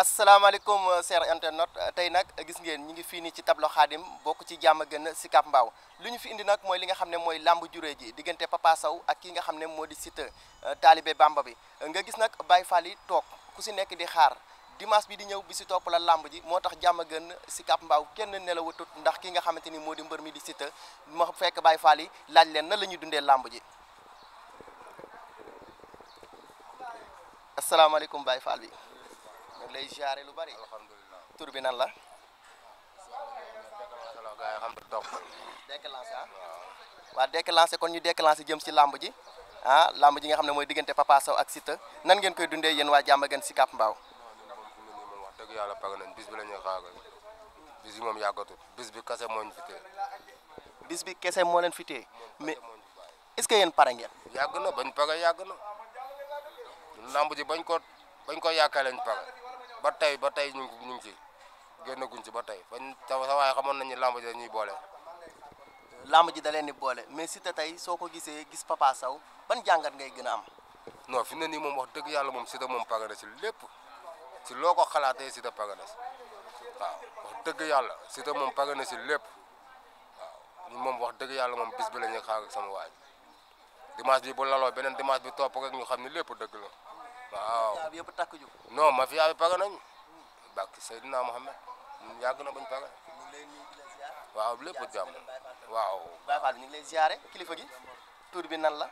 asalaamaaleykum euh, cher internet euh, tey nag euh, gis ngeen ñi ngi fii nii ci tableau xaadim bokk ci jàmm gën Sicap Mbao li ñu fi indi nag mooy li nga xam ne mooy làmb juree ji diggante Papa Sow ak ki nga xam ne moo di Siteu taalibe Bamba bi nga gis nag Baye Fall yi toog ku si nekk di xaar dimaas bi di ñëw bi si topp la làmb ji moo tax jàmm gën Sicap Mbao kenn tut ndax ki nga xamante ni moo di mbër mi di Siteu ma fekk bay Fall yi laaj leen na la ñuy dundee làmb ji asalaamaaleykum ngi lay ziare lu bari. alhamdulilah tur bi nan la. déclenché ah. waaw déclenché kon ñu déclenché jëm si làmb ji ah làmb ji nga xam ne mooy diggante Papa Sow ak Siteu nan ngeen koy dundee yéen waa Diamaguène Sicap Mbao. wax dëgg yàlla pare nañ bis bi la ñuy xaaral bis bi moom yàggatul bis bi kese moo bis bi kese moo leen fi téye mais est-ce que yéen pare ngeen. yàgg na bañ pare yàgg na làmb ji bañ ko bañ ko yaakaar lañ pare. ba tey ba tey ñu ngi ñu ngi ci génnaguñ ci ba tey bañ sa waaye xamoon nañu lamb ji dañuy boole. lamb ji da leen di boole mais Siteu tey soo ko gisee gis Papa Sow ban jàngat nga gën a am. non fi ne nii moom wax dëgg yàlla moom Siteu moom pagana si lépp si loo ko xalaatee Siteu pagana si waaw wax dëgg yàlla Siteu moom pagana si lépp waaw wax dëgg yàlla moom bis bi la ñuy xaar ak sama waay dimanche bi bu laloo beneen dimanche bi topp rek ñu xam ne lépp dëgg la. waaw mafia yëpp takk ñu. non mafia bi paga nañu. bàkki Seydina Mohamed ñun yàgg na bañ paga. ñu ngi lay nuyu di waaw lépp jàmm waaw. Baye ñu ngi lay ziare kilifa gi. tur bi nan la.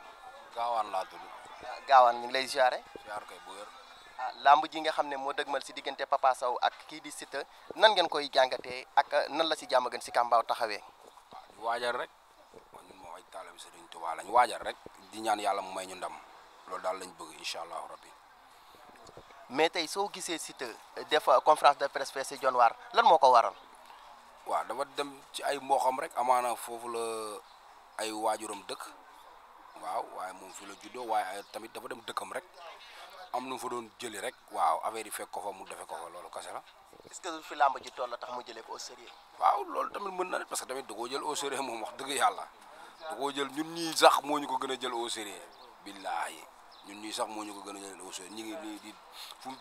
gaawaan laa tudd. Ah, gaawaan ñu ngi lay ziare. ziar kay bu ah, ji nga xam ne moo dëgmal si diggante Papa Sow ak kii di Siteu nan ngeen koy jàngatee ak ah, nan la si jàmm gën si kàmbaaw taxawee. waaw waajal rek. mooy taalibe Sëriñ Tuubaa lañ waajal rek di ñaan yàlla mu may ñu ndam loolu daal lañ bëgg incha allahu rabbi mais tey soo gisee Siteu euh, def conférence de presse fee si John Waar lan moo ko waral. waaw dafa dem ci ay mbooxam rek amaana foofu la ay waajuram dëkk waaw waaye moom fi la juddoo waaye tamit dafa dem dëkkam rek am nu doon jëli rek waaw affaire fekk ko fa mu defe ko fa loolu kase la. est que fi làmb ji toll tax mu jëlee ko au sérieux. waaw loolu tamit mën na ne parce que tamit da koo jël au sérieux moom wax dëgg yàlla da koo jël ñun ñii sax moo ñu ko gën a jël au sérieux billaahi ñun ñii sax moo ñu ko gën a yéene Ousseyn ñu ngi nii di fu mu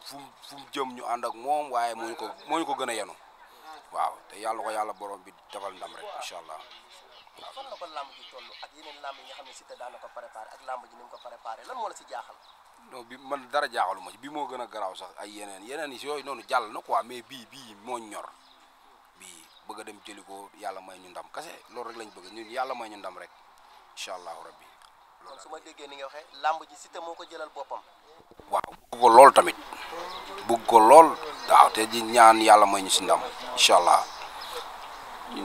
fu mu jëm ñu ànd ak moom waaye moo ko moo ñu ko gën a yenu waaw te yàlla ko yàlla borom bi defal ndam rek incha allah. waaw fan la toll ak yeneen làmb yi nga xam ne Siteu daan na ko préparé ak làmb ji ni mu ko préparé lan moo la si jaaxal. non bi man dara jaaxalu ma bi moo gën a garaaw ay yeneen yeneen yi noonu jàll na quoi mais bii bii moo ñor bii bëgg dem jëli ko yàlla may ñu ndam kase loolu rek lañ bëgg ñun yàlla may ñu ndam rek incha allahu rabbi kon su ma déggee ni nga waxee làmb ji Siteu moo ko jëlal boppam. waaw bugg ko lool tamit bugg ko lool waaw te di ñaan yàlla may ñu si ndam incha allah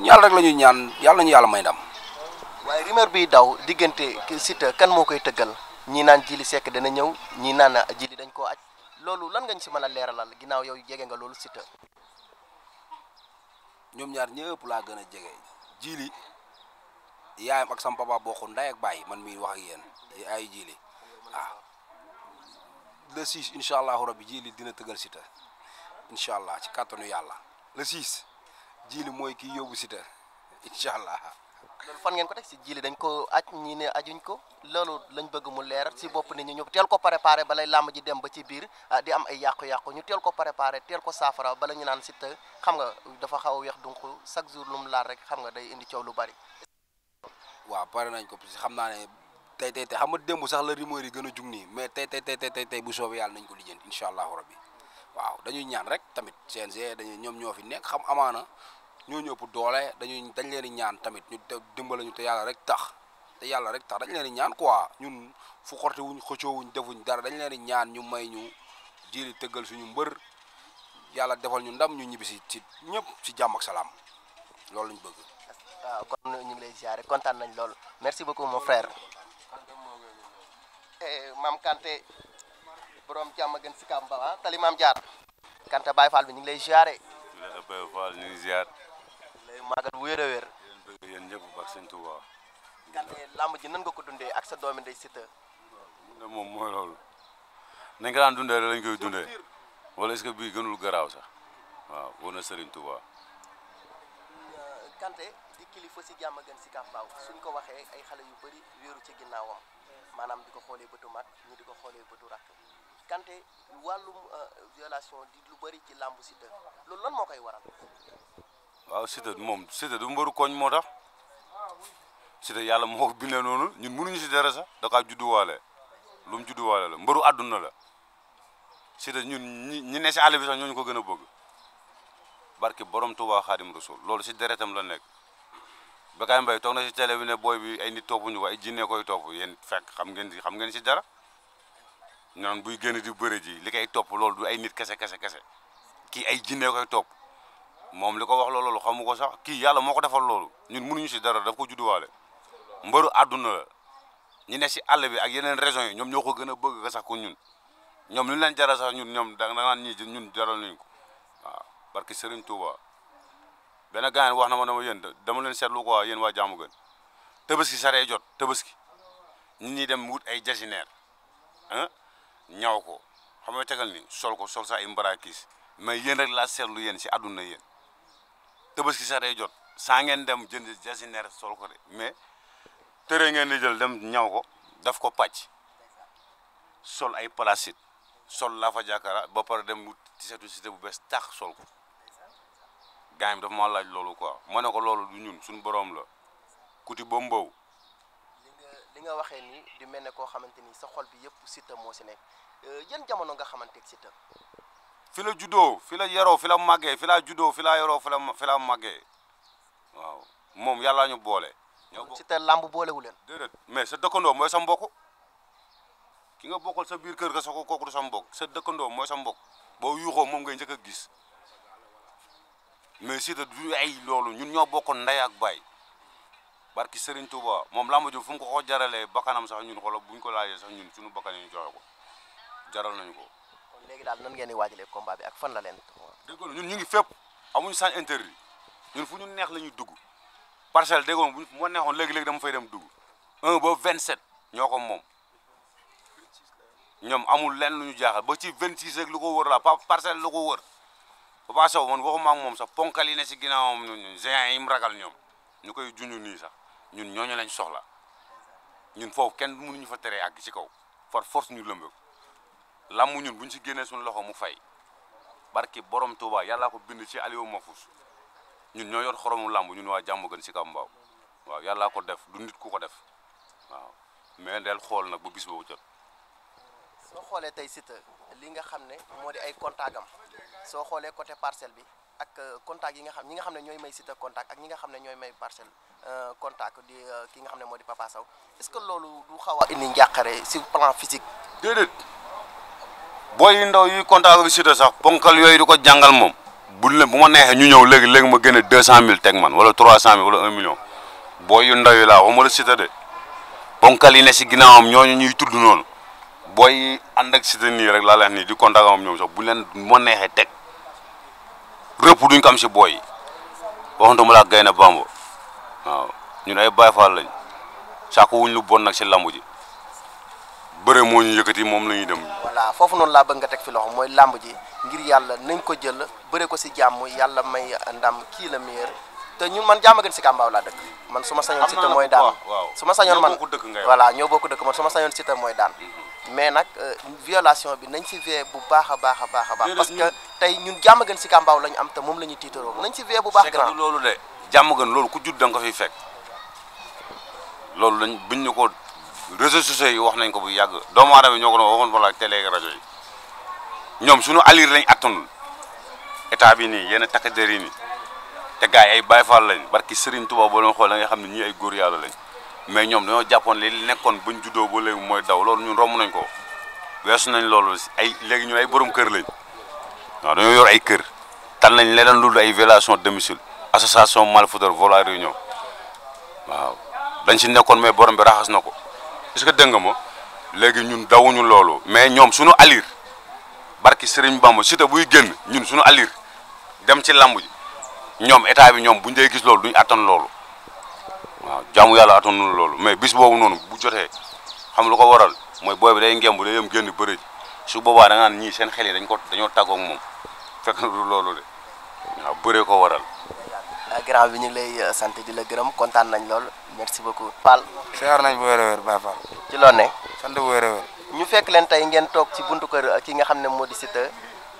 yàlla rek la ñuy ñaan yàlla nañu yàlla may ndam. waaye rumeur bi daw diggante Siteu kan moo koy tëggal ñi naan Jili sekk dana ñëw ñi naan Jili dañ ko aj loolu lan nga ñu si mën a leeralal ginnaaw yow jege nga loolu Siteu. ñoom ñaar ñëpp laa gën a jege Jili. yaayam ak sama papa bokku nday ak bàyyi man mii wax ak yéen ay jili waaw ah. le 6 incha allahu rabi jili dina tëgal Siteu incha allah ci kàttanu yàlla le 6 jili mooy kii yóbbu Siteu incha allah. loolu fan ngeen ko de si jili dañ ko aj ñii ne ajuñ ko loolu lañ bëgg mu leer si bopp nit ñu ñu teel ko préparé balay làmb ji dem ba ci biir ah, di am ay yàqu-yàqu ñu teel ko préparé teel ko saafara bala ñu naan Siteu xam nga dafa xaw a weex donc chaque jour lu laal rek xam nga day indi coow lu bari. waaw pare nañ ko parce xam naa ne tey tey tey xam nga démb sax la rumeur yi gën a jug nii mais tey tey tey tey tey bu soobee yàlla nañ ko lijjanti incha allahu rabbi waaw dañuy ñaan rek tamit CNG dañuy ñoom ñoo fi nekk xam amaana ñoo ñëpp doole dañuy dañ leen di ñaan tamit ñu dimbala ñu te yàlla rek tax te yàlla rek tax dañ leen di ñaan quoi ñun fu xorte wuñ xoco wuñ defuñ dara dañ leen di ñaan ñu may ñu jili tëggal suñu mbër yàlla defal ñu ndam ñu ñibbisi ci ñëpp ci jàmm salaam loolu lañ bëgg waaw kon ñu ngi lay ziare kontaan nañ lool merci beaucoup mon frère. Eh, eh, maam Kanté borom jàmm gën si Kamba ah tali maam Diar. Kanté Baye Fall bi ñu lay ziare. Eh, Baye Fall ñu ngi ziar. lay màggal bu wér a wér. yéen ñëpp ak sëñ Touba. Kanté làmb ji nan nga ko dundee ak sa doomi ndey Siteu. dundee moom mooy loolu. nañ ko daan dundee rek lañ koy dundee. wala est-ce que bii garaaw sax waaw wóor na Serigne Touba. Kanté di kilifa si jàmm gën si kàmbaaw suñ ko waxee ay xale yu bëri weeru ci ginnaawam maanaam di ko xoolee bëtu mag ñi di ko xoolee bëtu rakk Kanté wàllum euh, violation di lu bëri ci làmb Siteu loolu lan moo koy waral. waaw Siteu moom Siteu du mbaru koñ moo tax Siteu yàlla moo ko bindee noonu ñun mënuñu si dara sax da kaa judduwaale lu mu judduwaale la mbaru àdduna la Siteu ñun ñi ñi ne si àll sax ñooñu ko gën a bëgg. barki borom Touba Xaadim Rasul loolu si deretam loo nekk Bécaye Mbaye toog na si télé bi ne booy bi ay nit toppuñu ko ay jinne koy topp yéen fekk xam ngeen si xam ngeen si dara ñaan buy génn di bëre ji li koy topp loolu du ay nit kese kese kese kii ay jinne koy topp moom li ko wax loolu xamu ko sax kii yàlla moo ko defal loolu ñun mënuñu si dara daf ko judduwaale mbëru àdduna la ñu ne si àll bi ak yeneen régions yi ñoom ñoo ko gën a bëgg sax ko ñun ñoom lu leen jaral sax ñun ñoom da nga naan ñun jaral nañu ko barki Serigne Touba benn gaañ wax na ma dama yéen dama leen seetlu quoi yen waa jàmm gen tabaski saree jot tabaski nit ñi dem wut ay jasineer ah ñaw ko xam nga tegal ni sol ko sol sa ay mbara kiis mais yéen rek laa seetlu yéen si àdduna yéen tabaski saree jot saa ngeen dem jënd jasineer sol ko de mais tëree ngeen di jël dem ñaw ko daf ko pàcc sol ay placide sol la fa jàkkaara ba pare dem wut tisetu cité bu bees tax sol ko gars yi dafa ma laaj loolu quoi ma ne ko loolu du ñun suñu boroom la kuti ba mbow li nga li waxee ni di mel ne koo xamante ni sa xol bi yëpp Siteu moo si nekk euh, yan jamono nga xamante ak Siteu fi la juddoo fi la yaroo fi la màggee fi la juddoo fi la yaroo fi la fi la màggee waaw moom yàlla ñu boole. ñoo Siteu làmb boolewu leen. déedéet mais sa dëkkandoo mooy sa mbokk ki nga bokkal sa biir kër ga sa ko kooku sa mbokk sa dëkkandoo mooy sa mbokk boo yuuxoo moom ngay njëkk a gis. mais Siteu du ay loolu ñun ñoo bokkoon nday ak baay barki Serigne Touba moom làmb ji fu mu ko ko jaralee bakkanam sax ñun xoolal buñ ko laajee sax ñun suñu bakkan ñu joxe jaral nañu ko. kon léegi daal nan ngeen di waajalee combat bi ak fan la leen. dégg ñun ñu ngi fépp amuñu sans interdit ñun fu ñu neex la ñuy dugg parcelle dégg bu ma neexoon léegi-léegi dama fay dem dugg 1 ba 27 ñoo ko moom ñoom amu lenn lu ñu jaaxal ba ci 26 rek lu ko wër la parcelle lu ko wër. Papa Sow man waxuma ak moom sax ponkal yi ne si ginnaawam ñun géants yi mu ragal ñoom ñu koy junj nii sax ñun ñooñu lañ soxla ñun foofu kenn ñu fa teree àgg ci kaw par force ñu lëmbe làmb ñun buñ si génnee suñu loxo mu fay barki borom Touba yàllaa ko bind ci ma Mafous ñun ñoo yor xoromu làmb ñun waa jàmm gën si kaw mbaaw waaw yàllaa ko def du nit ku ko def waaw mais del xool nag bu bis boobu jot. soo xoolee tey Siteu li nga xam ne moo di ay contact am soo xoolee côté parcelle bi ak euh, contact yi nga xam ñi nga xam ne ñooy may Siteu contact ak ñi nga xam ne ñooy may parcelle euh, contact euh, ki nga xam ne moo di Papa Sow est-ce que loolu du xaw a indi njàqare si plan physique. déedéet booy yu ndaw yuy contact ak Siteu sax ponkal yooyu du ko jàngal moom. buñ leen bu ma neexee ñu ñëw léegi léegi ma génne deux cent mille teg man wala trois cent mille wala un million booy yu ndaw yi laa waxuma la de ponkal yi ne si ginnaawam ñooñu ñuy tudd noonu. booy ànd ak Siteu rek laa leen nii di contact am ñoom so bu leen moo neexee teg rëpp duñ ko si booy yi waxantuma laa Gaynde Bamba waaw ñun ay Baay Faal lañ saako wuñ lu bon nag si lamb ji bëre moo ñu yëkkati moom la ñuy dem. foofu noonu laa bëgg nga teg fi loxo mooy lamb ji ngir yàlla nañ ko jël bëre ko si jàmm yàlla may ndam kii la meilleur te ñun man jaama gën si Kambaaw laa dëkk man su ma sañoon Siteu mooy daan su ma sañoon man voilà ñoo bokk dëkk man su ma sañoon Siteu mooy daan mhm. mais nag euh, violation bi nañ si vee bu baax a baax a baax a baax parce que tey ñun jàmm gën si kàmbaaw la ñu am te moom la ñuy tiitaroo nañ si vee bu baax grand loolu de jàmm gën loolu ku judd da nga ko fiy fekk loolu lañ buñ ñu ko réseaux sociaux yi wax nañ ko bu yàgg doomu aadama ñoo ko doon waxoon wala télé rajo yi ñoom suñu alir lañ attanul état bi nii yenn takk der yi nii te gars yi ay Baay Faal lañ barki Serigne Touba boo leen xool da xam ne ñi ay góor yàlla lañ mais ñoom dañoo jàppoon li nekoon bañ juddoo ba léegi mooy daw loolu ñun romb nañ ko weesu nañ loolu ay léegi ñun ay borom kër lañ waaw dañoo yor ay kër tan nañ leneen lu ay violation domicile association malfaiteur vol à réunion waaw dañ si nekkoon mais borom bi raxas na ko est-ce que dégg nga ma léegi ñun dawuñu loolu mais ñoom suñu alir barki Serigne Bamba Siteu buy génn ñun suñu alir dem ci lamb ji ñoom état bi ñoom buñ dee gis loolu duñ attan loolu waaw jaamu yàlla attanul loolu mais bis boobu noonu bu jotee xam lu ko waral mooy booy bi day ngemb day yem génn bëri su boobaa da nga naan ñii seen xel yi dañ ko dañoo tàggoog moom fekk loolu de waaw bëree ko waral. Ah, grand bi ñu lay euh, sant di la gërëm kontaan nañ lool merci beaucoup. Fall. seer nañ bu wér a wér ci loo ne. sant bu ñu fekk leen tey ngeen toog ci buntu kër ki nga xam ne moo di Siteu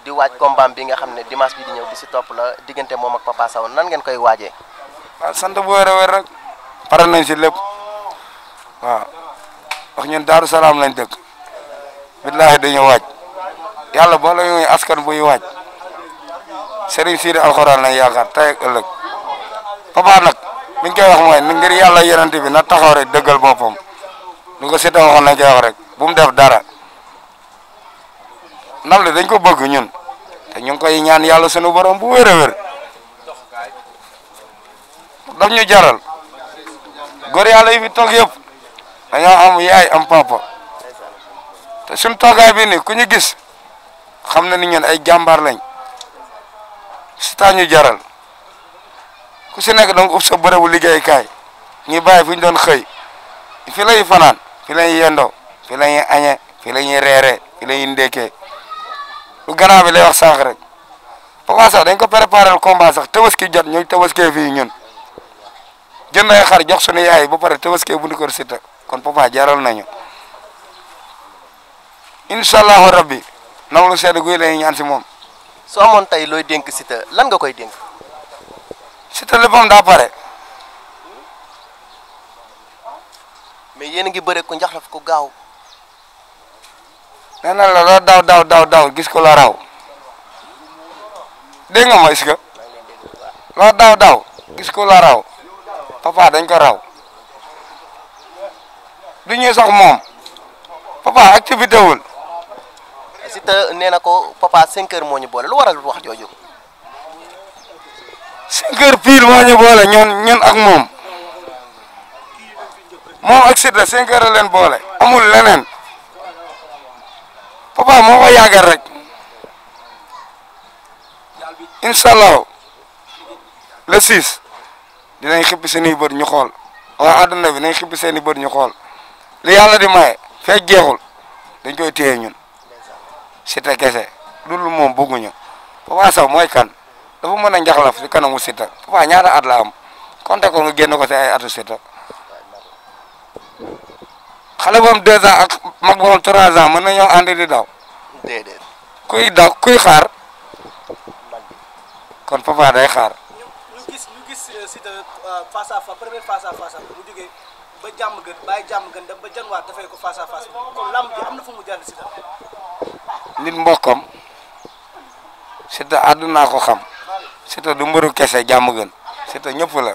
di waaj combat bi nga xam ne dimanche bi ñëw di si topp la diggante moom ak Papa nan ngeen koy waajee. waaw bu wér a rek. pare nañ si lépp waaw wax ñun daaru salaam lañ dëkk billaahi dañu waaj yàlla boo la ñuy askan buy waaj sëriñ siidi alxuraan lañ yaakaar tey ak ëllëg nag mi ñu koy mooy ngir yàlla yonent bi na taxaw rek dëggal boppam lu ko sita waxoon lañ koy wax rek bu mu def dara ndam li dañ ko bëgg ñun te koy ñaan yàlla sunu borom bu wér a daf ñu jaral góor yàlla yi fi toog yëpp dañoo am yaay am papa te ku ñu gis xam na ni ñun ay jàmbaar lañ si taa ñu jaral ku si nekk donc ub sa bërëbu liggéeykaay ñu bàyyi fi ñu doon xëy fi lay fanaan fi lañuy yendoo fi la ñuy añee la ñuy reeree fi la ñuy ndekkee lu gannaaw bi lay wax sànq rek papa sax dañ ko préparé combat sax tabaski jot ñu tabaskee fii ñun jënd ay xar jox suñu yaay ba pare tabaski bu ndi kër Siteu kon papa jaral nañu incha allahu rabbi nam sedd guy lañu ñaan si moom. soo amoon tey looy dénk Siteu lan nga koy dénk. Siteu léppam daa pare. mais yéen a ngi bëre ku njaxlaf ku gaaw. nee na la loo daw daw daw gis ko la raw dégg nga ma est loo daw daw gis ko la raw. papa dañ ko raw du ñuy sax moom papa activité wul. Siteu nee na ko papa 5 heures moo ñu boole lu waral wax jooju. 5 heures pile ñu boole ñun ñun ak moom moom ak Siteu 5 leen boole. amul leneen papa moo ko rek incha le 6. dinañ xippi suñuy bët ñu xool waa adduna bi na xippi seen i bët ñu xool li yàlla di maye fekk jeexul dañ koy téye ñun Siteu kese du moom bëgguñu Papa Sow mooy kan dafa mën a njaxlaf si kanamu Siteu Papa ñaata at la am compté ko génn ko ay atu Siteu xale mën nañoo ànd di daw. déedéet kuy daw kuy xaar kon Papa day xaar. Siteu euh, face à face première face à face na fu mu jàll Siteu. nit mbokkam Siteu àddunaa ko xam Siteu du mbëru kese jàmm gën Siteu ñëpp la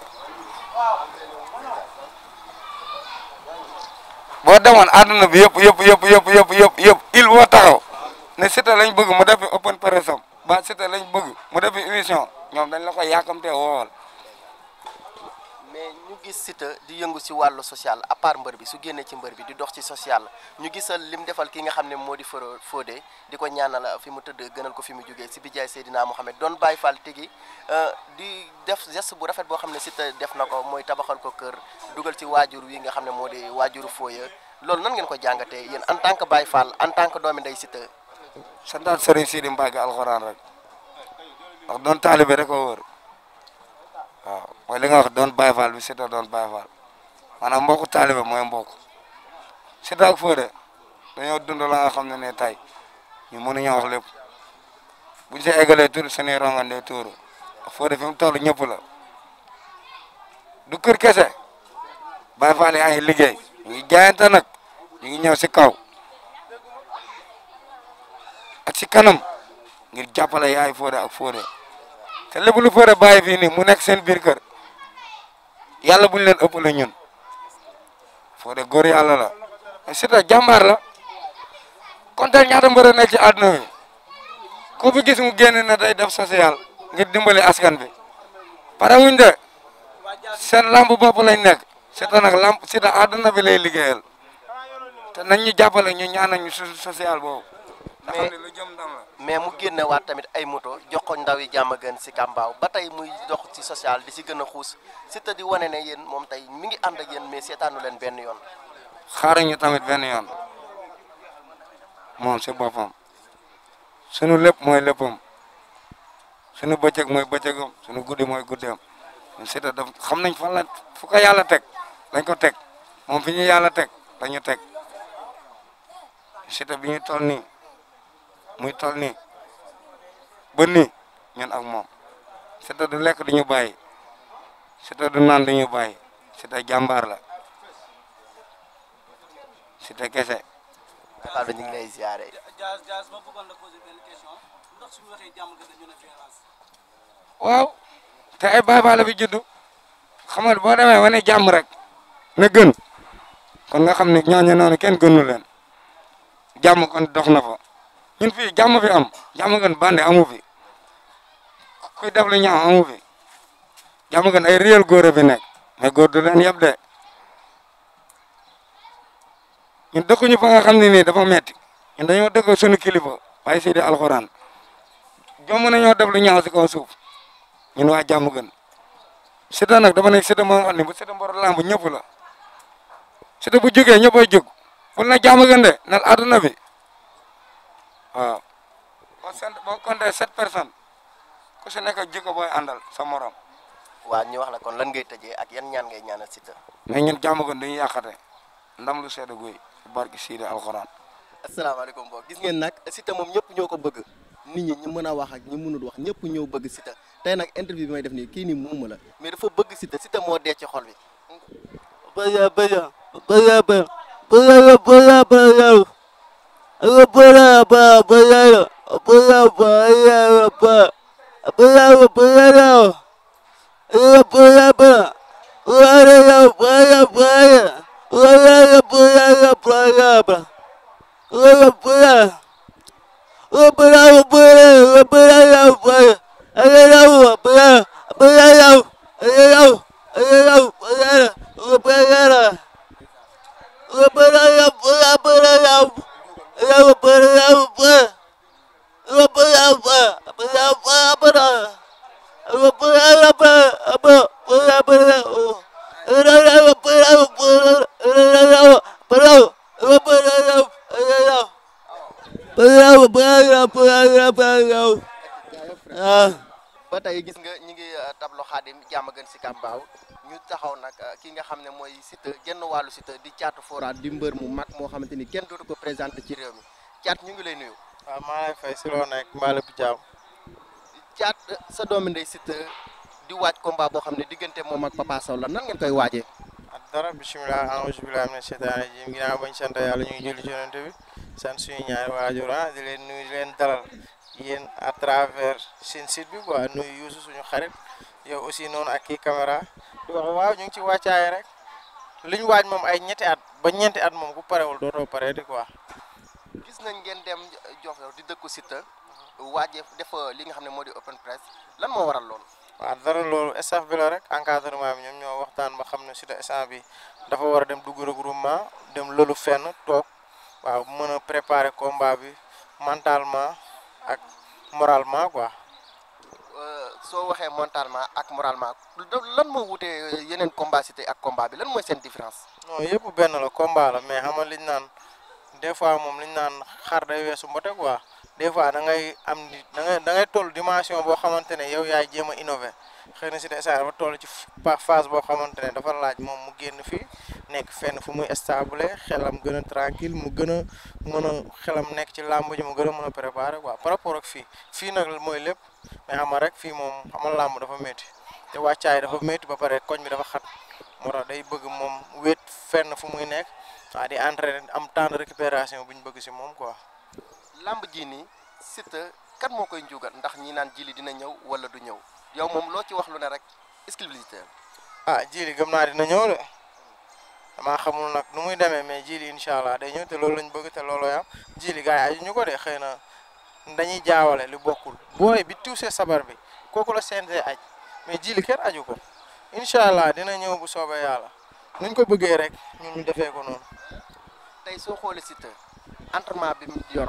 boo demoon àdduna bi yëpp yëpp yëpp yëpp yëpp yëpp yëpp il boo taxaw ne Siteu lañ bëgg mu def open press am ba Siteu lañ bëgg mu def émission ñoom dañ la koy yàkkamtee mais ñu gis Siteu di yëngu ci wàllu social à mbër bi su génnee ci mbër bi di dox ci social ñu gisal lim defal ki nga xam ne moo di Fara Fodé di ko ñaanal fi mu tëdd gënal ko fi mu jógee si ci bijaay xam ne doon Baye Fall tigi euh, di def geste bu rafet boo xam ne Siteu def na ko mooy tabaxal ko kër dugal ci waajur wi nga xam ne moo di waajur Foya loolu nan ngeen ko jàngatee yéen en tant que Baye Fall en tant que doomi ndey Siteu. santaan Serigne Sidi Mbacke alxuraan rek ndax doon taalibe mooy nga wax doon Baye Fall bi Siteu doon Baye Fall maanaam mbokku taalibe mooy mbokk Siteu ak Fodé dañoo dund la nga xam ne ne tey ñu mënuñoo wax lépp buñ si eggalee tur suñuy rongan day tuuru Fodé fi mu toll ñëpp la du kër kese Baye Fall yi liggéey ñu ngi jaayante nag ñu ngi ñëw si kaw ak si kanam ngir jàppale yaay Fodé ak Fodé te lépp lu Fodé bàyyi fii mu nekk sen biir kër yàlla buñ leen ëppale ñun de góor yàlla la mais Siteu la kon tey ñaata mbër a nekk ci àdduna bi ku gis mu génn na day def social ngir dimbali askan bi pare wuñ de seen lamb bopp lañ nekk Siteu nag lamb Siteu àdduna bi lay liggéeyal te nañ ñu jàppale ñu ñaan nañ social boobu. mais mu génnewaat tamit ay moto jox ko ndaw yi jàmm gën si kambaaw ba tey muy dox ci social di si gën a xuus si te di wane ne yéen moom tey mi ngi ànd a yéen mais seetaanu leen benn yoon. xaaruñu tamit benn yoon moom si boppam sunu lépp mooy léppam sunu bëccëg mooy bëccëgam sunu guddi mooy guddeem si te daf xam nañ fan la fu yàlla teg lañ ko teg moom fi ñu yàlla teg dañu teg si te bi ñu toll muy toll ni ba nii ñun ak moom Siteu du lekk ñu bàyyi Siteu du naan ñu bàyyi Siteu jàmbaar la Siteu kese. waaw ñu ngi lay ziare. te ay babala la fi juddu xam nga boo demee wane jàmm rek na gën kon nga xam ni ñooñu noonu kenn gënu leen jàmm kon dox na fa. ñun fii jàmm fi am jàmm gën bande amu fi kuy def lu ñaaw amu fi jàmm gën ay réel góor bi nekk mais góor du leen yab de ñun dëkkuñu fa nga xam ne nii dafa metti ñun dañoo dëkk suñu kilifa waaye si di alxuraan jom nañoo def lu ñaaw si kaw suuf ñun waa jàmm gën Siteu nag dafa nekk Siteu moo xam ne bu Siteu mboru lamb ñëpp la Siteu bu jógee ñëppay jóg ful na jàmm gën de nal àdduna bi waaw boo sant boo compté sept personnes ku si nekk jikko booy àndal sa morom. waaw ñu wax la kon lan ngay tëjee ak yan ñaan ngay ñaanal Siteu. mais ñun jàmm ko dañuy yàqate ndam lu sedd guy barki Sidi alxuraan. nag Siteu moom ñëpp ñoo ko bëgg nit ñi ñu mën a wax ak ñu mënul wax ñëpp ñëw bëgg Siteu tey nag interview bi may def nii kii nii muuma la mais dafa bëgg Siteu Siteu moo dee xol bi. bëgg bëgg bëgg bëgg bëgg Obrigado, Ah. ba tey gis nga ñi ngi euh, tablo xaadim jàmm gën si kàmbaaw ñu taxaw nag euh, ki nga xam ne mooy Siteu genn wàllu Siteu di caatu foraat di mbër mu mag moo xamante ni kenn dootu ko présenté ci réew mi caat ñu ngi lay nuyu. waaw maa lay fay si loo nekk mbaa la bu caat sa doomi ndey Siteu di waaj combat boo xam ne diggante moom ak Papa la nan ngeen koy waajee. Ah, dara bisimilah aouzu billahi mina shaytaani rajim ginnaaw bañ sant yàlla ñu ngi julli ci bi sant suñu ñaari ah, yéen à travers seen site bi quoi nuyu Youssou suñu xarit yow aussi noonu ak kii caméra di wax waaw ñu ngi ci wàccaay rek liñ waaj moom ay ñetti at ba ñeenti at moom ku parewul dootoo pare di quoi. gis nañ ngeen dem Diofior di dëkku Siteu waajee def li nga xam ne moo di open press lan moo waral lool waaw dara loolu staff bi la rek encadrement bi ñoom ñoo waxtaan ba xam ne Siteu staff bi dafa war a dem dugg regroupement dem loolu fenn toog waaw mën a préparer combat bi mentalement. ak moralement quoi. Euh, soo waxee mentalement ak moralement lan moo wutee euh, yeneen combat cité ak combat bi lan mooy seen différence. non yëpp benn la combat la mais xam nga naan des fois moom li ñu naan xar day weesu mbote quoi. des fois da ngay am di da ngay dimension boo xamante ne yow yaay jéem a innover xëy na si ne instant dafa toll ci phase boo xamante ne dafa laaj moom mu génn fii nekk fenn fu muy stable xelam gën a tranquille mu gën a mën a xelam nekk ci làmb ji mu gën a mën a préparer waaw par rapport ak fii fii nag mooy lépp mais xam rek fii moom xamal làmb dafa métti te wàccaay dafa métti ba pare koñ bi dafa xat moo tax day bëgg moom wéet fenn fu muy nekk waa di entraîner am temps de récupération bu ñu bëgg si moom quoi. làmb ji nii Siteu kan moo koy njuugal ndax ñi naan jili dina ñëw wala du ñëw. yow moom loo ci wax lu ne rek exclusivité ah jiili gëm naa dina ñëw de damaa xamul nag nu muy demee mais jiili incha allah day ñëw te loolu lañ bëgg te loolu yam jiili gars yi aju ñu ko de xëy na dañuy jaawale li bokkul booy bi tuusee sabar bi kooku la CNG aj mais jiili kenn aju ko incha allah dina ñëw bu soobee yàlla nuñ ko bëggee rek ñun mu defee ko noonu. tey soo xoolee Siteu entraînement bi mu yor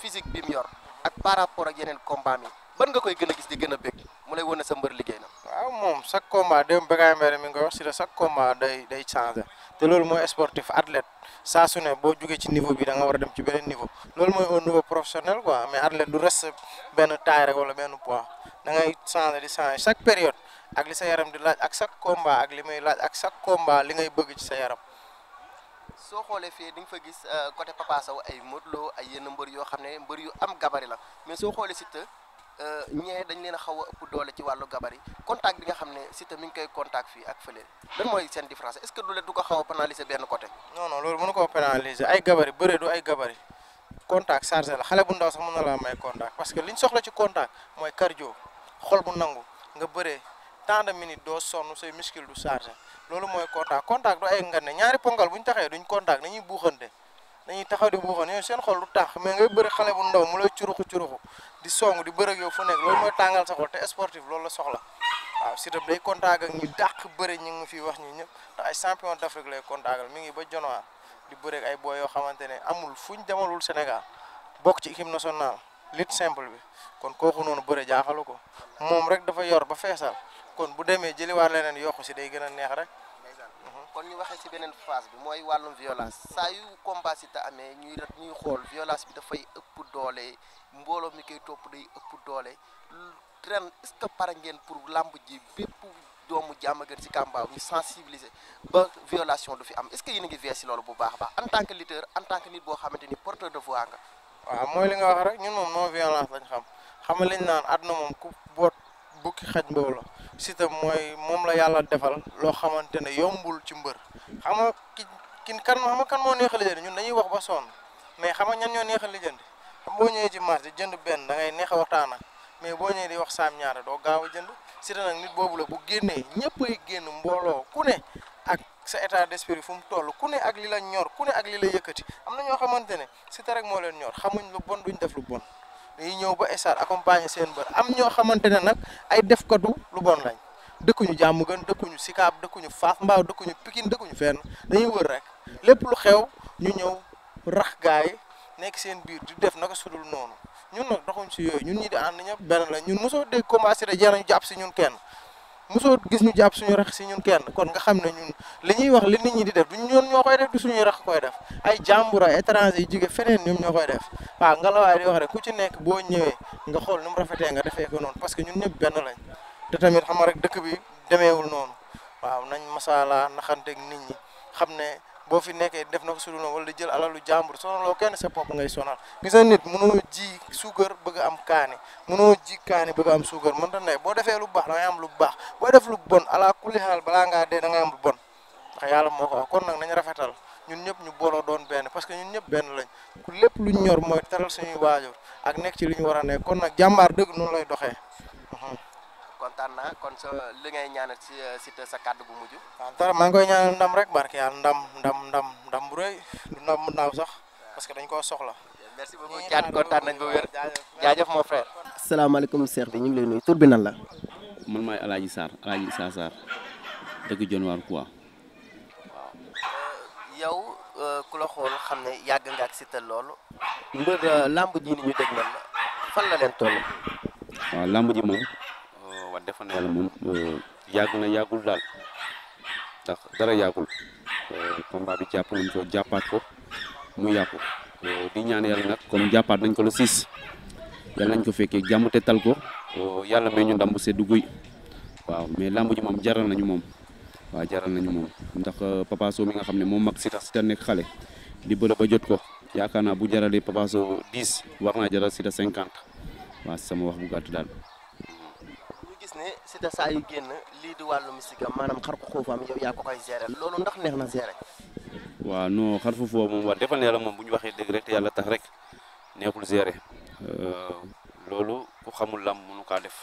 physique bi mu yor ak par rapport ak yeneen combat mi ban nga koy gën a gis di gën a bëgg. mu lay wane sa mbër liggéey na. waaw moom chaque combat démb Bécaye Mbaye mi nga wax si la chaque combat day day changé te loolu mooy sportif athlète saa su ne boo jugee ci niveau bi da nga war a dem ci benn niveau loolu mooy au niveau professionnel quoi mais athlète du reste benn taille rek wala benn poids da ngay changé di changé chaque période ak li sa yaram di laaj ak chaque combat ak li may laaj ak chaque combat li ngay bëgg ci sa yaram. soo xoolee fii di nga fa gis euh, côté Papa Sow ay Modou Lo yenn mbër yoo xam ne mbër yu am gabari la mais Euh, ñee dañ leen a xaw a ëpp doole ci wàllu gabarit contact bi nga xam ne Siteu mi ngi koy contact fii ak fële lan mooy seen différence est-ce que du leen du ko xaw a pénaliser benn côté. non non loolu mënu koo pénaliser ay gabarit bëre du ay gabarit contact chargé la xale bu ndaw sax mën na laa may contact parce que liñ soxla ci contact mooy cardio xol bu nangu nga bëree tant de minutes doo sonn say muscle du chargé loolu mooy contact contact du ay ngane ñaari pongal bu ñu taxee duñ contact dañuy dañuy taxaw di buuxoon yooyu seen xol lu tax mais ngay bëri xale bu ndaw mu lay curuxu curuxu di song di bëri ak fu nekk loolu mooy tàngal sa xol te sportif loolu la soxla waaw Siteu day contact ak ñi dàq bëri ñi ngi fi wax ñu ñëpp ndax ay champion d'Afrique lay contactal mi ngi ba jonoa di bëri ay boy yoo xamante ne amul fuñ demalul Sénégal bokk ci équipe nationale lutte simple bi kon kooku noonu bëre jaaxalu ko moom rek dafa yor ba feesal kon bu demee jëliwaat leneen yokku si day gën a neex rek kon ñu waxee ci beneen phase bi mooy wàllum violence saa yu combat si te amee ñuy ñuy xool violence bi dafay ëpp doole mbooloo mi koy topp day ëpp doole ren est-ce que pare ngeen pour làmb ji bépp doomu jàmm gën ci kàmbaaw ñu sensibiliser ba violation du fi am est-ce que yéen a ngi veillé loolu bu baax a baax en tant que lutteur en tant que nit boo xamante ni porteur de voix nga. waaw mooy li nga wax rek ñun moom non violence lañ xam xam lañ naan àdduna moom ku boot bukki xaj mbooloo Siteu mooy moom la yàlla defal loo xamante ne yombul ci mbër xam nga ki kin kan xam nga kan moo neex a lijjanti ñun dañuy wax ba sonn mais xam nga ñan ñoo neex a lijjanti boo ñëwee ci jënd benn da a waxtaan ak mais boo ñëwee di wax saam ñaara doo gaaw a jënd Siteu nag nit boobu la bu génnee ñëpp génn mbooloo ku ne ak sa état d'esprit fu mu toll ku ne ak li la ñor ku ne ak li la yëkkati am na ñoo xamante ne Siteu rek moo leen ñor xamuñ lu bon duñ def lu bon. dañuy ñëw ba stade accompagner seen mbër am ñoo xamante ne nag ay defkatu lu bon lañ dëkkuñu jàmm gën dëkkuñu sikaab dëkkuñu faaf mbaaw dëkkuñu pikin dëkkuñu fenn dañuy wër rek lépp lu xew ñu ñëw rax gaay nekk seen biir du def naka sudul noonu ñun nag doxuñ si yooyu ñun ñi di ànd ñëpp benn la ñun mosoo dégg commencé de jarañu jàpp si ñun kenn mosoo gis ñu jàpp suñu rax si ñun kenn kon nga xam ne ñun li ñuy wax li nit ñi di def du ñoon ñoo koy def du suñuy rax koy def ay jàmbura étranger yi jóge feneen ñoom ñoo koy def waaw nga wax rek ku ci nekk boo ñëwee nga xool nu mu rafetee nga defee ko noonu parce que ñun ñëpp benn lañ te tamit xam nga rek dëkk bi demeewul noonu waaw nañ masala naxanteeg nit ñi xam ne boo fi nekkee def na ko su dul noonu wala da jël alalu jàmbur sonaloo kenn sa bopp ngay sonal gis nga nit mënoo ji suukar bëgg am kaani mënoo ji kaani bëgg am suukar mën na ne boo defee lu baax da ngay am lu baax boo def lu bon ala kulli xaal balaa ngaa dee da ngay am lu bon ndax yàlla moo ko kon nag nañ rafetal ñun ñëpp ñu booloo doon benn parce que ñun ñëpp benn lañ lépp lu ñu ñor mooy taral suñuy waajur ak nekk ci li ñu war a nekk kon nag jàmbaar dëgg noonu lay doxee kontaan naa kon sa li ngay ñaanal si euh, Siteu sa kàdd gu mujj. waaw maa ngi koy ñaanal ndam rek barke yàlla ndam ndam ndam ndam bu rëy ndam bu naaw sax parce que dañ koo soxla. merci beaucoup Thiat kontaan nañ ba wér jaajëf mon frère. asalaamaaleykum Cheikh bi ñu ngi lay nuyu tur bi la. man maay El Hadj Sarr euh, yow euh, ku la xool xam ne yàgg nga ak Siteu loolu. làmb ji ni ñu dégg nan la fan la leen toll. làmb ji moom. defoon yàlla moom euh, yàgg na yàggul daal ndax dara yàggul euh, combat bi jàpp nañ ko jàppaat ko mu yàqu euh, di ñaan yàlla nag comme jàppaat nañ ko la 6 yàlla nañ ko fekkee jàmm te tal ko yàlla may ñu ndam bu seddu guy waaw mais làmb ji moom jaral nañu moom waaw jaral nañu moom ndax Papa Sow mi nga xam ne moom mag si tax ta nekk xale di bëre ba jot ko yaakaar naa bu jaralee Papa Sow 10 war naa jaral si ta 50 waaw sama wax bu gàtt daal ne Siteu saa yu génn lii di wàllu misigam maanaam xar ko xoofaam yaa ko koy gérer loolu ndax neex na gérer. waaw non xar foofu moom wax defal moom bu ñu waxee dëgg rek te yàlla tax rek neexul gérer euh, loolu ku xamul lam mënu kaa def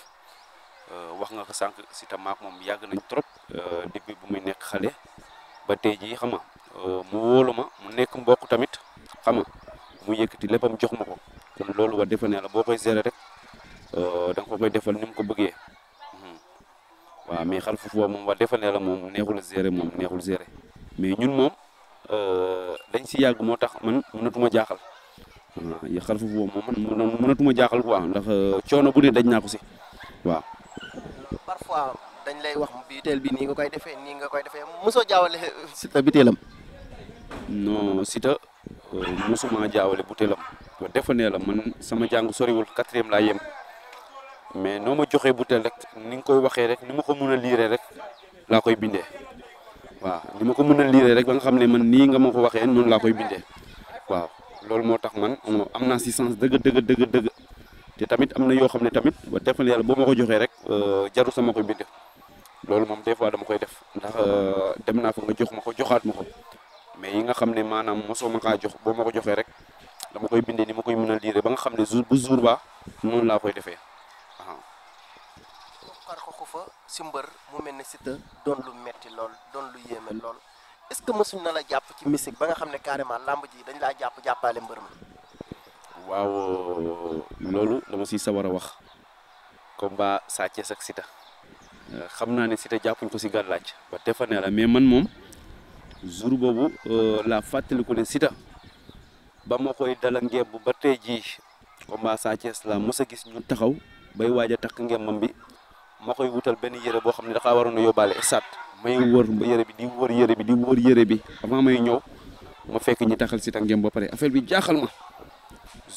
euh, wax nga ko sànq Siteu maak moom yàgg nañ trop euh, depuis bu muy nekk xale ba tey jii xam mu wóolu ma mu nekk mbokk tamit xam nga mu yëkkati léppam jox ma ko kon loolu wax defal boo koy gérer rek. da nga ko koy defal ni mu ko bëggee waaw mais xar foofu moom wax defa la moom neexul a gérer moom neexul gérer mais ñun moom euh, dañ si yàgg moo tax man mënatuma jaaxal waaw xar foofu mënatuma jaaxal quoi ndax euh, coono bu ne dañ naa ko si waaw. parfois dañ lay wax biteel bi nii nga koy defee nii nga koy defee mosoo jaawale Siteu biteelam. non Siteu euh, mosuma jaawale buteelam wax defa ne la man sama jàng soriwul quatrième laa yem. mais noo ma joxee butel rek ni nga koy waxee rek ni ma ko mën a liiree rek laa koy bindee waaw ni ma ko mën a liiree rek ba nga xam ne man nii nga ma ko waxee noonu laa koy bindee waaw loolu moo tax man am naa si sens dëgg te tamit am na yoo xam ne tamit ba defal yàlla boo ma ko joxee rek euh, jaru sama koy bind loolu moom des fois dama koy def ndax euh, dem naa fa nga jox ko joxaat ma ko mais yi nga xam ne maanaam mosoo ma kaa jox boo ma ko joxee rek dama koy bindee ni ma koy mën a liire ba nga xam ne jour bu jour ba noonu laa koy defee. xar ko fa si mbër mu mel ne Siteu doon lu metti lool doon lu yéeme lool est-ce que mësuñ na la jàpp ci mystique ba nga xam ne carrément làmb ji dañ laa jàpp jàppaale mbër ma waaw sawar a wax combat Sa Thiès ak Siteu xam naa ne Siteu jàppuñ ko si gàllaaj ba defa ne la mais man moom jour boobu euh, la fàttaliku ne Siteu ba ma koy dala ngemb ba tey jii combat Sa Thiès la mos a gis ñu taxaw bay waaj a takk ngembam bi ma koy wutal benn yére boo xam ne dafa waroon na a yóbbaale isaat may wër yére bi di wër yére bi di wër yére bi avant may ñëw ma fekk ñi taxal si tàngeem ba pare affaire bi jaaxal ma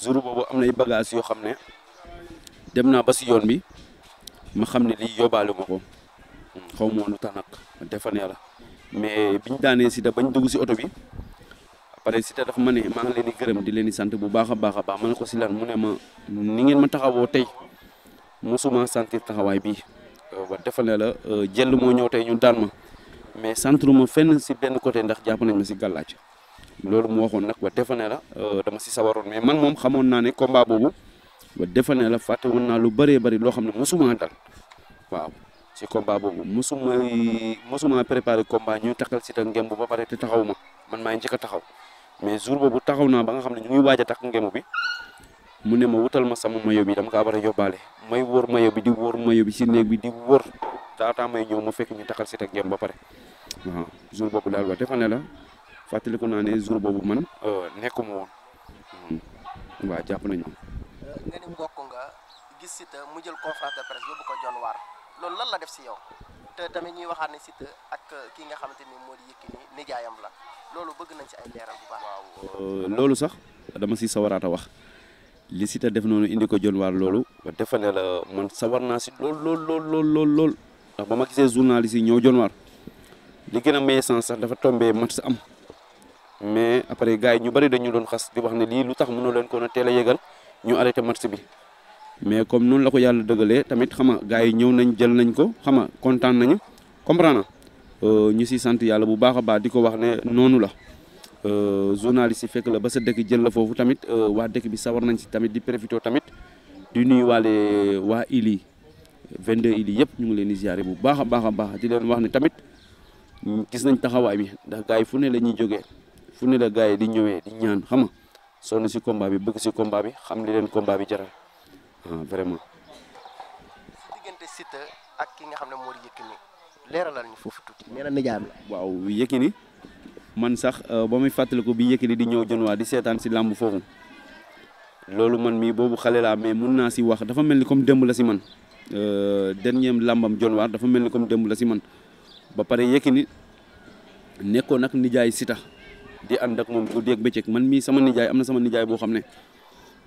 jour boobu am nay bagage yoo xam ne dem naa ba si yoon bi ma xam ne lii yóbbaale ma ko xaw ma woon lu tax nag defa ne daanee si da bañ dugg si oto bi pare si dafa ma ne maa ngi leen di gërëm di leen di sant bu baax a baax a baax ma ne ko si lan mu ne ma ni ngeen ma taxawoo tey mosuma santir taxawaay bii ba defal ne la euh, jël moo ñëw tey ñu daan ma mais centre ma fenn si benn côté ndax jàpp nañ ma si gàllaaj loolu mu waxoon nag ba defal ne la euh, dama si sawaroon mais man moom xamoon naa ne combat boobu ba defal ne la fàtte woon naa lu bëree bëri loo xam ne mosuma dal waaw si combat boobu mosuma mosuma préparé combat ñu takkal si ta ngemb ba pare te taxaw ma man maa njëkk a taxaw mais jour boobu taxaw naa ba nga xam ne ñu ngi waaj a takk ngemb bi mu ne ma wutal ma sama maillot bi dama ka war a yóbbaale may wóor mayo bi di wóor mayo bi si néeg bi di wóor taataa may ñëw ma fekk ñu taxal si teg jëm ba pare waaw jour boobu daal wax defal ne la fàttaliku naa ne jour boobu man euh, nekkuma woon hmm. waaw jàpp nañu euh, nga ni mbokk nga gis Siteu mu jël conférence de presse yóbbu ko John Waar loolu lan la def si yow te tamit ñuy waxaat ne Siteu ak ki nga xamante ni moo di Yékini nijaayam la loolu bëgg nañ si ay leeral baax. waaw euh, loolu sax dama si sawaraat a wax li Siteu def noonu indi ko jon loolu defe ne la man sawar naa si lool lool lool lool lool lool ndax ba ma gisee ñëw jon waar li gën a may sens sax dafa tombé mat sa am mais après gars yi ñu bari dañu doon xas di wax ne lii lu tax mënoo leen ko na teel a yëgal ñu arrêté match bi mais comme noonu la ko yàlla dëggalee tamit xam nga gars yi ñëw nañ jël nañ ko xam nga kontaan nañu comprendre na euh, ñu si sant yàlla bu baax a baax di ko wax ne noonu la Euh, journaliste yi fekk la ba sa dëkk jël la foofu tamit euh, waa dëkk bi sawar nañ si tamit di profité tamit di nuyu waale waa ili 22 ili yëpp ñu ngi leen di ziare bu baax a baax a baax di leen wax ne tamit gis nañ taxawaay bi ndax gars yi fu ne la ñuy fu ne la gars di ñëwee di ñaan xam nga sonn si combat bi bëgg si combat bi xam li leen combat bi jaral ah nga xam ne moo la waaw Yékini man sax euh, ba muy ko bi Yékini di ñëw Dionewar di seetaan si làmb foofu loolu man mii boobu xale laa mais mun naa si wax dafa mel ni comme démb la si man euh, dernier làmbam Dionewar dafa mel ni comme démb la si man ba pare Yékini nekkoon ak nijaay Siteu di ànd ak moom guddi ak bëccëg man mii sama nijaay am na sama nijaay boo xam ne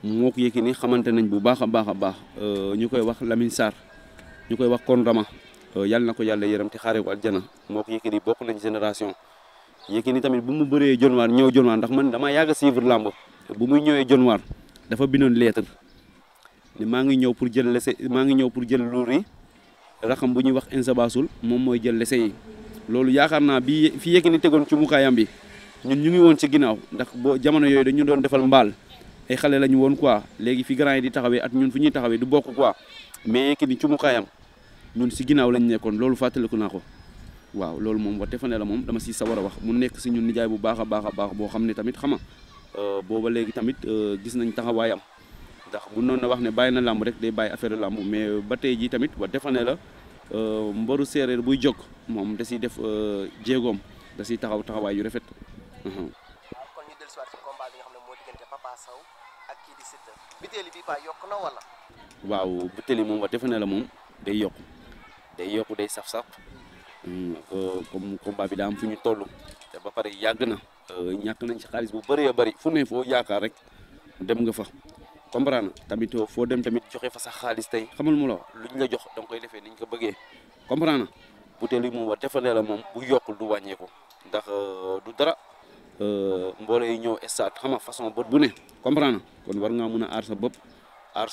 moo ko Yékini xamante nañ bu baax a baax a baax euh, ñu koy wax Lamine Sarr ñu koy wax Kondama yàlla na ko yàlla yaram ti xaaree ko aljana moo ko Yékini bokk nañ génération. Yékini tamit bu mu bëree John Waar ñëw John Waar ndax man dama yàgg a suivre làmb bu muy ñëwee John Waar dafa binoon lettre ne maa ngi ñëw pour jël lese maa ngi ñëw pour jël luur yi raxam bu ñuy wax insabasul moom mooy jël lese yi loolu yaakaar naa bi fi Yékini tegoon ci mukaayam bi ñun ñu ngi woon ci ginnaaw ndax boo jamono yooyu dañu doon defal mbaal ay xale lañu woon quoi léegi fi grand yi di taxawee at ñun fu ñuy taxawee du bokk quoi mais Yékini ci mukaayam ñun si ginnaaw lañ nekkoon loolu fàttaliku naa ko waaw loolu moom wax defe ne la moom dama si sawar a mu nekk si ñun nijaay bu baax a a baax boo xam ne tamit xama euh, booba léegi tamit euh, gis nañ taxawaayam ndax bu noonu na wax ne bàyyi na làmb rek day bàyyi affaire mais ba tey jii tamit wax defe ne la euh, mbaru séeréer buy jóg moom da siy def jéegoom da siy taxaw taxawaay yu rafet. kon ñu moo diggante Papa Sow ak kii di Siteu bitéeli ne la moom day yokk yokk day saf-saf. Hmm, euh, comme combat bi daa am fu ñu toll te ba pare yàgg na euh, ñàkk nañ ci xaalis bu bëree bari fu ne foo yaakaar rek dem nga fa comprendre tamit euh, foo dem tamit joxe fa sax xaalis tey xamal mu la lu ñu la jox da nga koy defee ni ñu ko bëggee comprendre bu teel yi moom war defanee la moom bu yokkul du wàññeeku ndax du dara mboole yi ñëw stade xam nga façon bët bu ne comprendre kon war ngaa mun a aar sa bopp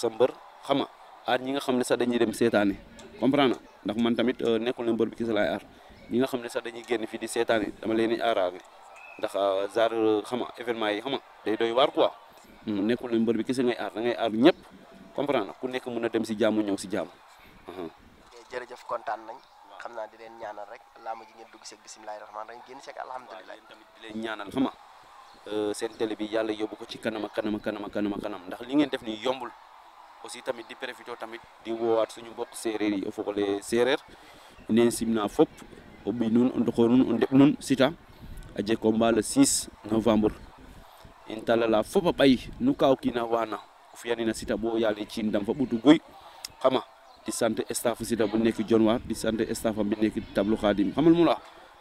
sa mbër xam nga aar ñi nga xam ne sax dañuy dem seetaane comprendre ndax man tamit euh, nekkul ne mbër bi kese laay aar ñi nga xam ne sax dañuy génn fii di seetaan dama leen di aaraale ndax zar euh, euh, xama événement yi xama day doy waar quoi hmm. nekkul ne mbër bi kese ngay aar da ngay aar ñëpp comprendre ku nekk mën a dem si jàmm ñëw si jàmm. Uh-huh. Eh, jërëjëf kontaan nañ. xam naa di leen ñaanal rek làmb ji ngeen dugg seeg bisimilahi rahmaan rahim génn seeg alhamdulilah tamit di leen ñaanal xama seen télé bi yàlla yóbbu ko ci kanam a kanam a kanam a kanam ndax li ngeen def nii yombul aussi tamit di profité tamit di woowaat suñu mbokk séeréer yi o fogole séeréer nen simna fop o ɓiy nuun o ndokoor nuun o ndeɓ nuun sita a jeg combat le 6 novembre in talala fop a ɓay nu ka o kiin a waana o fi'anin a sita bo yaal i ciin dam fa ɓutu guy xama di sant staff sita bu nekk Dionewar di sant staff am bi nekk tablu xaadim xamal mu la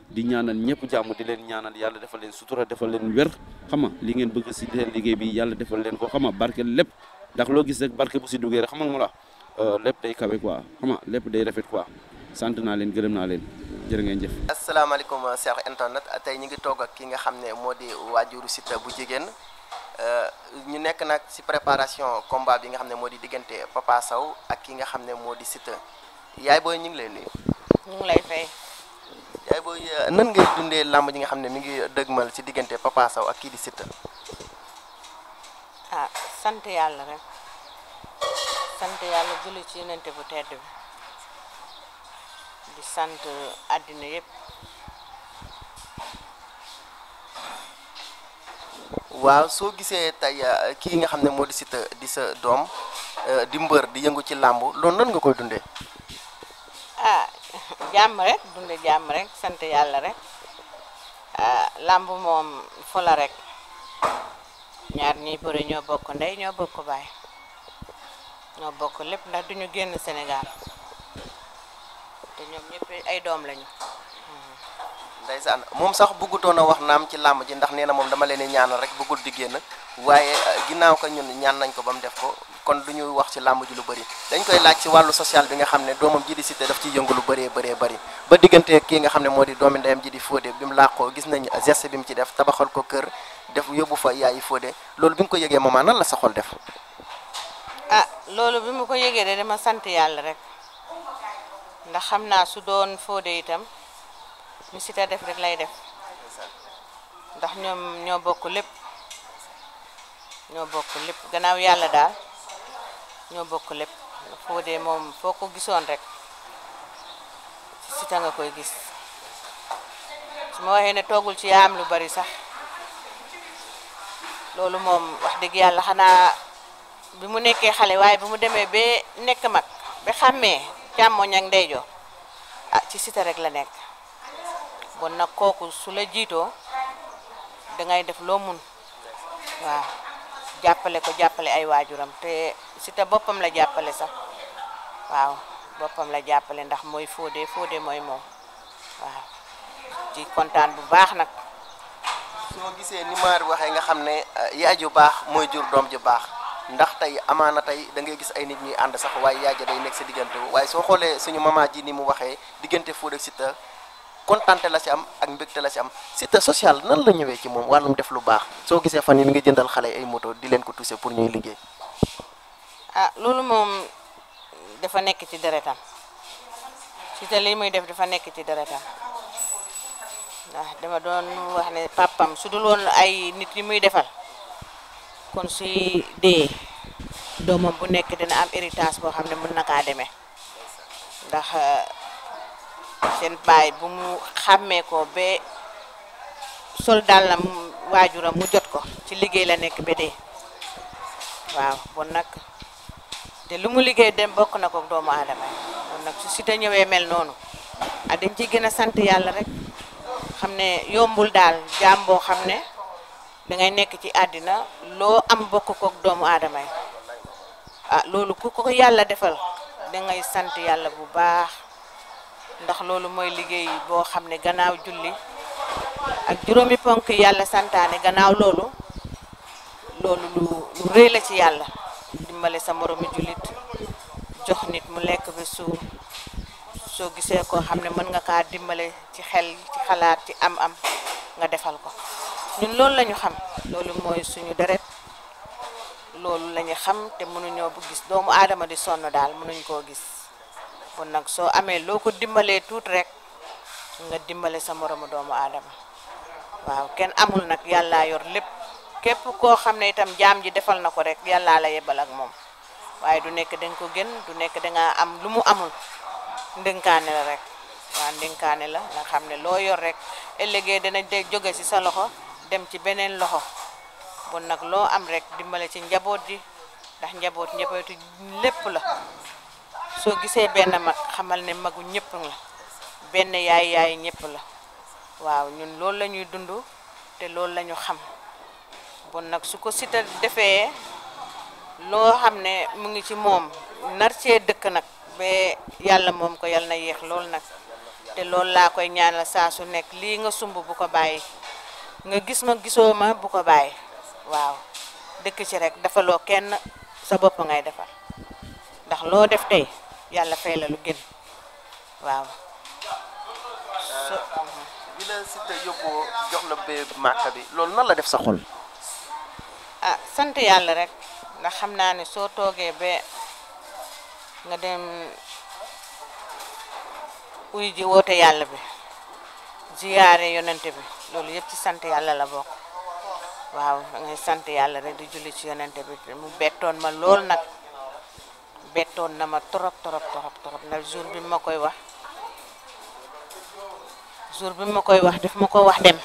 di ñaanal ñëpp jàmm di leen ñaanal yàlla defal leen sutura defal leen wér xama li ngeen bëgg si seen liggéey bi yàlla defal leen ko xama barke lépp ndax loo gis rek barke bu si duggee rek xam nga mu la euh, lépp day kawe quoi xam nga lépp day rafet quoi sant naa leen gërëm naa leen jërë ngeen jëf. asalaamaaleykum euh, cher internet tey ñu ngi toog ak ki nga xam ne moo di waajuru Siteu bu jigéen euh, ñu nekk nag ci préparation combat bi nga xam ne moo di diggante Papa saw ak ki nga xam ne moo di sita yaay booy ñu ngi lay nuyu. ñu ngi lay fay. yaay ngay dundee làmb ji nga xam ne mi ngi dëgmal ci diggante Papa saw ak kii di sit Ah, sant yàlla rek sant yàlla julli ci yonente bu tedd bi di sant àddina yépp waaw soo gisee tey ah, kii nga xam ne moo di Siteu di sa doom ah, di mbër di yëngu ci làmb loolu nan nga koy dundee ah jàmm rek dunde jàmm rek sant yàlla rek làmb moom fu la rek ñaar nii bëri ñoo bokk ndey ñoo bokk baay ñoo bokk lépp ndax duñu génn Sénégal te ñoom ñëpp ay doom lañu. ndeysaan moom sax bëggutoon a wax naam ci làmb ji ndax nee na moom dama leen ñaanal rek bëggul di génn waaye euh, ginnaaw ko ñun ñaan nañ ko ba mu def ko kon du ñuy wax ci làmb ji lu bari dañ koy laaj ci wàllu social bi nga xam ne doomam ji di Siteu daf ci yëngu lu bëree baree bëri ba diggante kii nga xam ne moo di doomi ndeyam ji di Fodé bi mu gis nañ geste bi mu ci def tabaxal ko kër def yóbbu fa yaay Fodé loolu bi nga ko yëgee maman nan la sa ah, loolu bi mu ko yégee de dama sant yàlla rek ndax xam naa su doon Fodé itam ñu si ta def rek lay def ndax ñoom ñoo bokk lépp ñoo bokk lépp gannaaw yàlla daal ñoo bokk lépp Fodé moom foo ko gisoon rek si nga koy gis su waxee ne toogul ci yaam lu bari sax. loolu moom wax dëgg yàlla xanaa bi mu nekkee xale waaye bi mu demee ba nekk mag ba xàmmee càmmoñ ak ndeyjoo ah ci Siteu rek la nekk kon nag kooku su la jiitoo dangay def loo mun waaw jàppale ko jàppale ay waajuram te Siteu boppam la jàppale sax waaw boppam la jàppale ndax mooy Fodé Fodé mooy moom waaw ci kontaan bu baax nag. soo gisee ni maar waxee nga xam ne eh, yaay ju baax mooy jur doom ju baax ndax tey amaana tey da ngay gis ay nit ñuy ànd sax waaye yaay ja day nekk sa diggante waaye soo xoolee suñu maman ji ni mu waxee diggante Fodé ak Siteu kontante la si am ak mbégte la si am Siteu sociale nan la ñëwee ci moom mu def lu baax soo gisee fan yi mi ngi jëndal xale ay moto di leen ko touché pour ñuy liggéey. ah loolu moom dafa nekk ci deretam Siteu li muy def dafa nekk ci deretam Ah, dama doon wax ne papam su dul woon ay nit yi muy defal kon suy dee doomam bu nekk dina am héritage boo xam ne mën na kaa demee ndax ah, seen baay bu mu xàmmee ko ba sol daal la waajuram mu jot ko ci liggéey la nekk ba dee waaw bon nag te lu mu liggéey dem bokk na ko doomu aadama kon nag su si te ñëwee mel noonu a ah, dañ ci gën a sant yàlla rek xam ne yombul daal jaam boo xam ne dangay nekk ci àddina loo am bokk kook doomu aadama yi ah loolu ku ko yàlla defal dangay sant yàlla bu baax ndax loolu mooy liggéey boo xam ne gannaaw julli ak juróomi ponk yàlla santaane gannaaw loolu loolu lu rëy la ci yàlla dimbale sa moroomi jullit jox nit mu lekk ba suur soo gisee ko xam ne mën nga kaa dimbale ci xel ci xalaat ci am-am nga defal ko ñun loolu lañu xam loolu mooy suñu deret loolu la xam te mënuñoo bu gis doomu aadama di sonn daal mënuñ koo gis kon nag soo amee loo ko dimbalee tuut rek nga dimbale sa moroomu doomu aadama waaw kenn amul nag yàlla yor lépp képp koo xam ne itam jaam ji defal na ko rek yàllaa la yebal ak moom waaye du nekk danga ko gën du nekk danga am lu mu amul ndénkaane la rek waaw ndénkaane la nga xam ne loo yor rek ëllëgee dana joge ci sa loxo dem ci beneen loxo bon nag loo am rek dimbale ci njaboot ji ndax njaboot njabootu lépp la soo gisee benn mag xamal ne magu ñëpp la benn yaay yaay ñëpp la waaw ñun loolu lañuy dund te loolu lañu ñu xam bon nag su ko Siteu defee loo xam ne mu ngi ci moom nar cee dëkk nag ba yàlla moom ko yàlla na yéex lool nag te loolu laa koy ñaanal saa su nekk lii nga sumb bu ko bàyyi nga gis ma gisoo ma bu ko bàyyi waaw dëkk ci rek defaloo kenn sa bopp ngay defar ndax loo def tey yàlla fay la lu gën waaw. Mhm. bi la Siteu jox la bee Màkka bi loolu nan la def sa xol. ah sant yàlla rek ndax xam naa ne soo toogee ba. nga dem woote yàlla bi ziyaare yonente bi loolu yëpp ci sant yàlla la bokk waaw da ngay sant yàlla rek di julli ci yonante bi mu betoon ma lool nag bettoon na ma torop torop torop torop ndax jour bi ma koy wax jour bi ma koy wax daf ma ko wax dem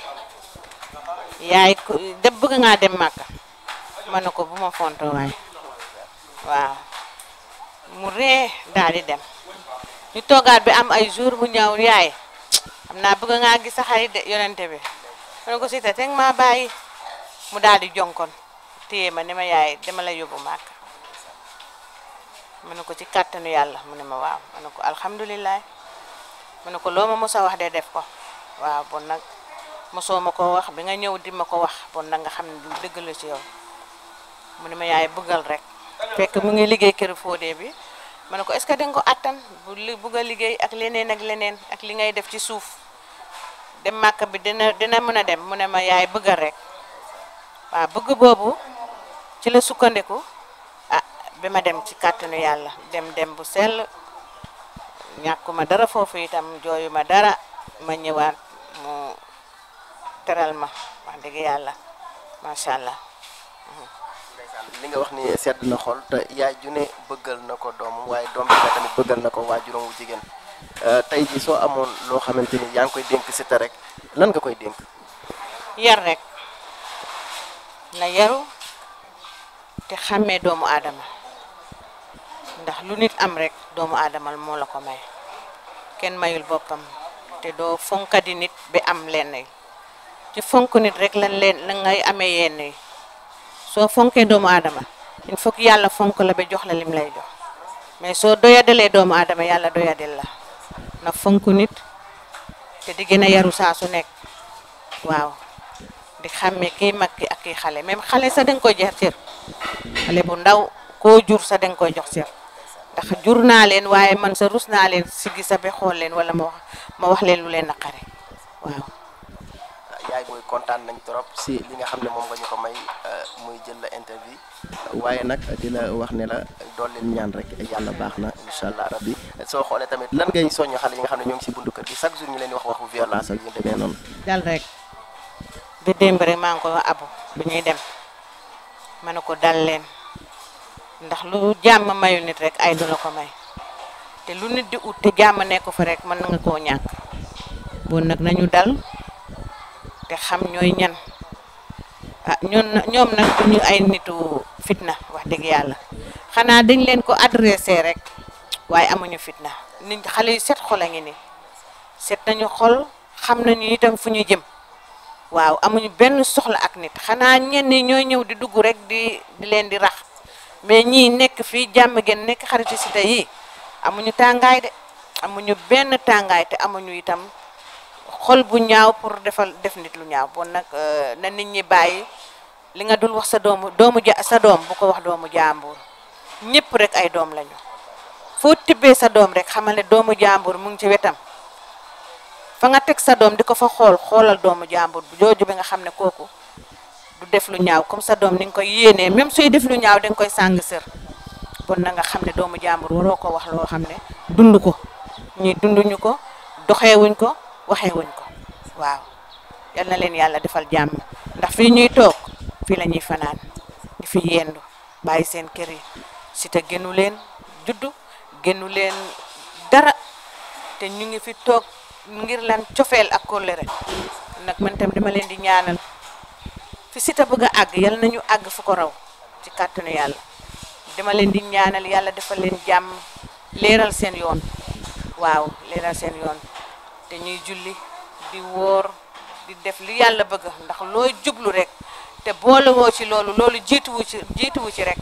yaay ko de bëgg ngaa dem màkka ma ko bu ma fonto waay waaw mu ree daal dem ñu toogaat bi am ay jour mu ñëw yaay xam naa bëgg ngaa gis sa xarit de yonente bi ma ne ko si te teg bàyyi mu daal di jonkon téye ma ne ma yaay dama la yóbbu màkk mu ne ko ci kàttanu yàlla mu ne ma waaw ma ne ko alhamdulilah mu ne ko loo ma mos wax de def ko waaw bon nag mosoo ma ko wax bi nga ñëw di ma ko wax bon nag nga xam ne du dëgg la ci yow mu ne ma yaay bëggal rek fekk mu ngi liggéey kër Fodé bi ma ne ko est-ce que da nga ko attan bu bugg a liggéey ak leneen ak leneen ak li ngay def ci suuf dem màkk bi dina dina mën a dem mu ne ma yaay bëggal rek waa bëgg boobu ci la sukkandiku ah bi ma dem ci kàttanu yàlla dem dem bu sell ñàkkuma dara foofu itam jooyuma dara ma ñëwaan mu teral ma wax dëgg yàlla macha allah. Mhm. li nga wax ni sedd na xol te yaay ju ne bëggal na ko doomam waaye doom bi nga tamit bëggal na ko waajuram wu jigéen euh, tey jii soo amoon loo xamante ni yaa ngi koy te rek lan nga koy dénk. yar rek na yaru te xàmmee doomu aadama ndax lu nit am rek doomu aadamal moo la ko may kenn mayul boppam te doo fonkadi nit bi am lenn ci fonk nit rek lan leen lan ngay amee yenn soo fonkee doomu aadama il faut yàlla fonk la ba jox la lim lay jox mais soo doyadalee doomu aadama yàlla doyadel la na fonk nit te di yaru saa su nekk waaw di xàmmee kii mag ki ak kii xale même xale sa danga koy jox cër xale bu ndaw koo jur sa danga koy jox cër ndax jur naa leen waaye man sa rus naa leen si sa ba xool leen wala ma wax wax leen lu leen naqari waaw yaay booy kontaan nañ trop si li nga xam ne moom nga ñu ko may euh, muy jël la interview waaye nag di la wax ne la dooleel ñaan rek yàlla baax na incha allah rabbi soo xoolee tamit lan ngay soññ xale yi nga xam ne ñoo ngi si buntu kër gi chaque jour ñu leen di wax waxu violence maa ngi ko abu bu ñuy dem ma ne ko dal leen ndax lu jàmm mayu nit rek ay du la ko may te lu nit di ut te jàmm ko fa rek mën nga koo ñàkk bon nag nañu dal. te xam ñooy ñan ah ñun ñoom nag duñu ay nitu fitna wax dëgg yàlla xanaa dañ leen ko adressé rek waaye amuñu fitna nit xale yu set xol a ngi ni set nañu xol xam nañu itam fu ñu jëm waaw amuñu benn soxla ak nit xanaa ñenn ñi ñooy ñëw di dugg rek di di leen di rax mais ñii nekk fii jàmm gen nekk xaritu cité yi amuñu tàngaay de amuñu benn tàngaay te amuñu itam xol bu ñaaw pour defal def nit lu ñaaw bon nag euh, na nit ñi bàyyi li nga dul wax sa doomu doomu ja sa doom bu ko wax doomu jàmbur ñëpp rek ay doom lañu foo tibbee sa doom rek xamal ne doomu jàmbur mu ngi ci wetam fa nga teg sa doom di ko fa xool xoolal doomu jàmbur bu jooju bi nga xam ne kooku du def lu ñaaw comme sa doom ni nga koy yéenee même suy def lu ñaaw da koy sàng sër bon na nga xam ne doomu jàmbur waroo ko wax loo xam ne dund ko ñi dunduñu ko doxeewuñ ko waxee wuñ ko waaw yal na leen yàlla defal jàmm ndax fii ñuy toog fii lañuy fanaan di fi yendu bàyyi seen kër yi Siteu génnu leen juddu génnu leen dara te ñu ngi fi toog ngir lan cofeel ak kóllëre nag man tam dama leen di ñaanal fi Siteu bëgg a àgg yal nañu àgg fu ko raw ci kàttanu yàlla dama leen di ñaanal yàlla defal leen jàmm leeral seen yoon waaw leeral seen yoon dañuy ñuy julli di wóor di def li yàlla bëgg ndax looy jublu rek te boolewoo ci loolu loolu jiituwu ci jiituwu ci rek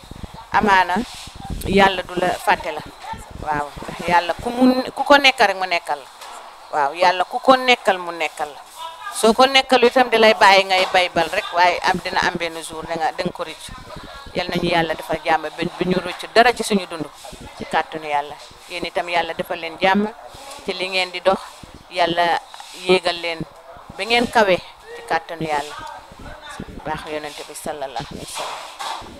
amaana yàlla du la fàtte la waaw yàlla ku mu ku ko nekkal rek mu nekkal la waaw yàlla ku ko nekkal mu nekkal la soo ko nekkal itam di lay bàyyi ngay baybal rek waaye am dina am benn jour danga da ko rëcc yal nañu yàlla defal jàmm bu ñu rëcc dara ci suñu dund ci kàttanu yàlla yéen itam yàlla defal leen jàmm ci li ngeen di dox yàlla yéegal leen ba ngeen kawee ci kàttanu yàlla baax yonente bi sallallahu alayhi wa sallam